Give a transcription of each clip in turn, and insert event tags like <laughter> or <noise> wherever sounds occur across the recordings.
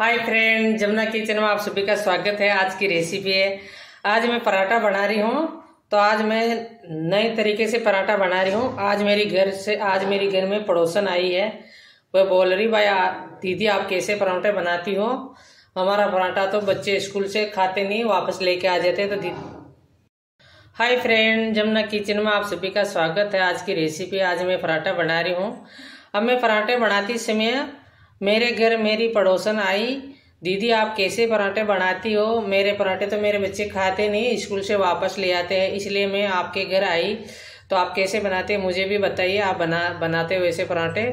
हाय friend Jamuna kitchen में आप सभी का स्वागत है आज की रेसिपी है आज मैं पराठा बना रही हूँ तो आज मैं नए तरीके से पराठा बना रही हूँ आज मेरी घर से आज मेरी घर में पड़ोसन आई है वह बोल रही भाई दीदी आप कैसे पराठे बनाती हो हमारा पराठा तो बच्चे स्कूल से खाते नहीं वापस लेके आ जाते तो दीदी हाय फ्रेंड जमुना किचन में आप सभी का स्वागत है आज की रेसिपी आज मैं पराठा बना रही हूँ अब मैं पराठे बनाती समय मेरे घर मेरी पड़ोसन आई दीदी आप कैसे पराठे बनाती हो मेरे पराठे तो मेरे बच्चे खाते नहीं स्कूल से वापस ले आते हैं इसलिए मैं आपके घर आई तो आप कैसे बनाते हैं मुझे भी बताइए आप बना बनाते हो ऐसे पराठे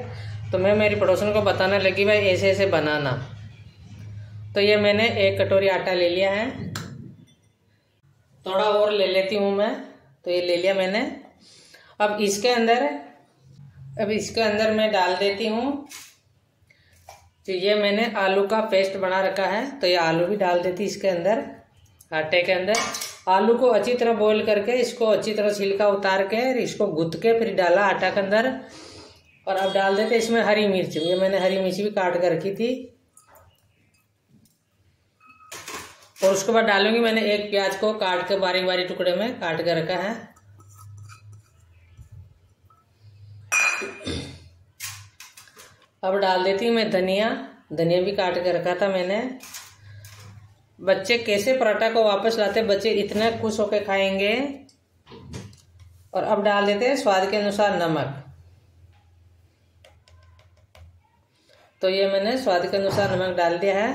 तो मैं मेरी पड़ोसन को बताने लगी भाई ऐसे ऐसे बनाना तो ये मैंने एक कटोरी आटा ले लिया है थोड़ा और ले लेती हूँ मैं तो ये ले लिया मैंने अब इसके अंदर अब इसके अंदर मैं डाल देती हूँ तो ये मैंने आलू का पेस्ट बना रखा है तो ये आलू भी डाल देती इसके अंदर आटे के अंदर आलू को अच्छी तरह बॉईल करके इसको अच्छी तरह छिलका उतार के इसको गुथ के फिर डाला आटा के अंदर और अब डाल देते इसमें हरी मिर्च ये मैंने हरी मिर्च भी काट कर रखी थी और उसके बाद डालूंगी मैंने एक प्याज को काट के बारीक बारीक टुकड़े में काट कर रखा है अब डाल देती हूँ मैं धनिया धनिया भी काट के रखा था मैंने बच्चे कैसे पराठा को वापस लाते बच्चे इतने खुश होकर खाएंगे और अब डाल देते हैं स्वाद के अनुसार नमक तो ये मैंने स्वाद के अनुसार नमक डाल दिया है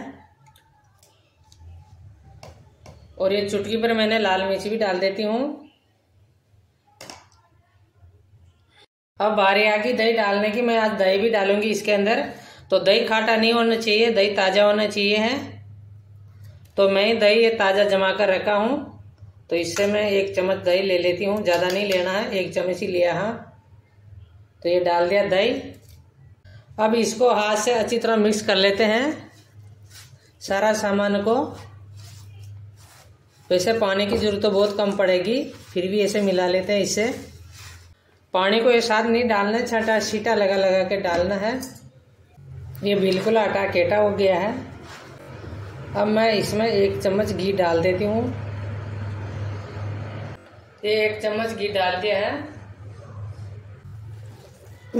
और ये चुटकी पर मैंने लाल मिर्ची भी डाल देती हूँ अब बारी आ गई दही डालने की मैं आज दही भी डालूंगी इसके अंदर तो दही खाटा नहीं होना चाहिए दही ताज़ा होना चाहिए है तो मैं दही ये ताज़ा जमा कर रखा हूँ तो इससे मैं एक चम्मच दही ले लेती हूँ ज़्यादा नहीं लेना है एक चम्मच ही लिया हाँ तो ये डाल दिया दही अब इसको हाथ से अच्छी तरह मिक्स कर लेते हैं सारा सामान को वैसे पानी की ज़रूरत तो बहुत कम पड़ेगी फिर भी ऐसे मिला लेते हैं इससे पानी को ये साथ नहीं डालना है छाटा छीटा लगा लगा के डालना है ये बिल्कुल आटा केटा हो गया है अब मैं इसमें एक चम्मच घी डाल देती हूँ ये एक चम्मच घी डाल दिया है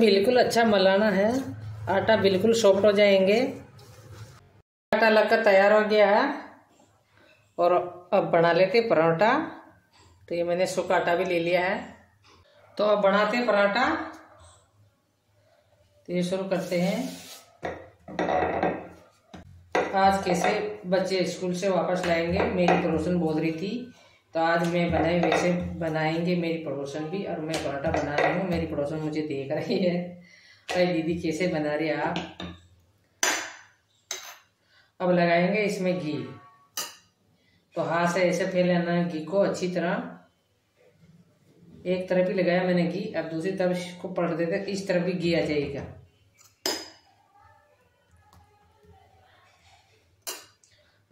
बिल्कुल अच्छा मलाना है आटा बिल्कुल सॉफ्ट हो जाएंगे आटा लगकर तैयार हो गया है और अब बना लेते परोठा तो ये मैंने सूखा आटा भी ले लिया है तो अब बनाते पराठा तो ये शुरू करते हैं आज कैसे बच्चे स्कूल से वापस लाएंगे मेरी पड़ोसन तो बोल रही थी तो आज मैं बनाए वैसे बनाएंगे मेरी पड़ोसन भी और मैं पराठा बना रही हूँ मेरी पड़ोसन मुझे देख रही है अरे दीदी कैसे बना रहे आप अब लगाएंगे इसमें घी तो हाथ से ऐसे फैलाना घी को अच्छी तरह एक तरफ ही लगाया मैंने घी अब दूसरी तरफ इसको पलट देते इस तरफ भी घी आ जाएगा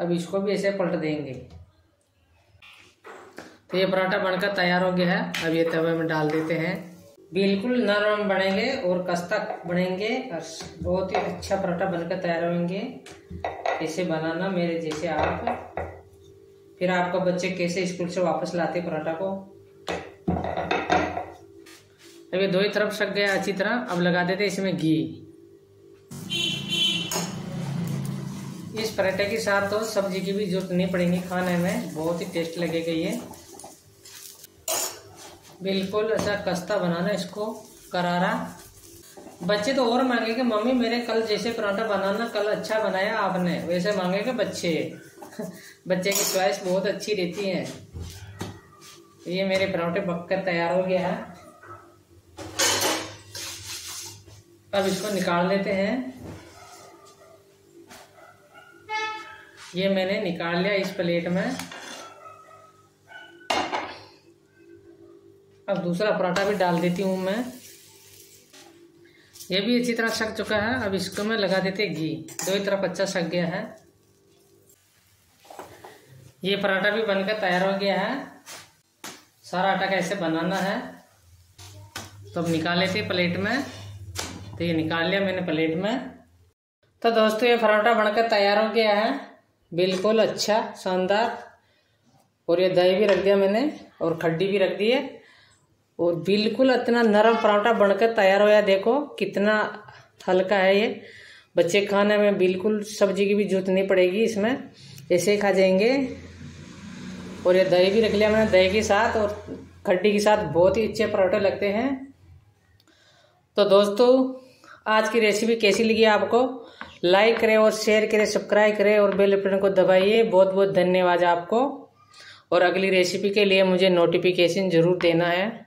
अब इसको भी ऐसे पलट देंगे तो ये पराठा बनकर तैयार हो गया है अब ये तवे में डाल देते हैं बिल्कुल नरम बनेंगे और कस्ता बनेंगे और बहुत ही अच्छा पराठा बनकर तैयार होंगे ऐसे बनाना मेरे जैसे आप फिर आपका बच्चे कैसे स्कूल से वापस लाते पराठा को अब ये दो ही तरफ सक गया अच्छी तरह अब लगा देते इसमें घी इस पराठे के साथ तो सब्जी की भी जरूरत नहीं पड़ेगी खाने में बहुत ही टेस्ट लगेगा ये बिल्कुल ऐसा कस्ता बनाना इसको करारा बच्चे तो और मांगे कि मम्मी मेरे कल जैसे पराठा बनाना कल अच्छा बनाया आपने वैसे मांगे कि बच्चे <laughs> बच्चे की च्वाइस बहुत अच्छी रहती है ये मेरे पराठे पककर तैयार हो गया है अब इसको निकाल लेते हैं ये मैंने निकाल लिया इस प्लेट में अब दूसरा पराठा भी डाल देती हूँ मैं ये भी अच्छी तरह सक चुका है अब इसको मैं लगा देते घी दो ही तरफ अच्छा सक गया है ये पराठा भी बनकर तैयार हो गया है सारा आटा कैसे बनाना है तो अब निकाल लेते प्लेट में तो ये निकाल लिया मैंने प्लेट में तो दोस्तों ये पराठा बनकर तैयार हो गया है बिल्कुल अच्छा शानदार और ये दही भी रख दिया मैंने और खड्डी भी रख दी है और बिल्कुल इतना नरम पराठा बनकर तैयार होया देखो कितना हल्का है ये बच्चे खाने में बिल्कुल सब्जी की भी जरूरत नहीं पड़ेगी इसमें ऐसे ही खा जाएंगे और ये दही भी रख लिया मैंने दही के साथ और खड्डी के साथ बहुत ही अच्छे पराठे लगते हैं तो दोस्तों आज की रेसिपी कैसी लगी आपको लाइक करें और शेयर करें सब्सक्राइब करें और बेल बटन को दबाइए बहुत बहुत धन्यवाद आपको और अगली रेसिपी के लिए मुझे नोटिफिकेशन ज़रूर देना है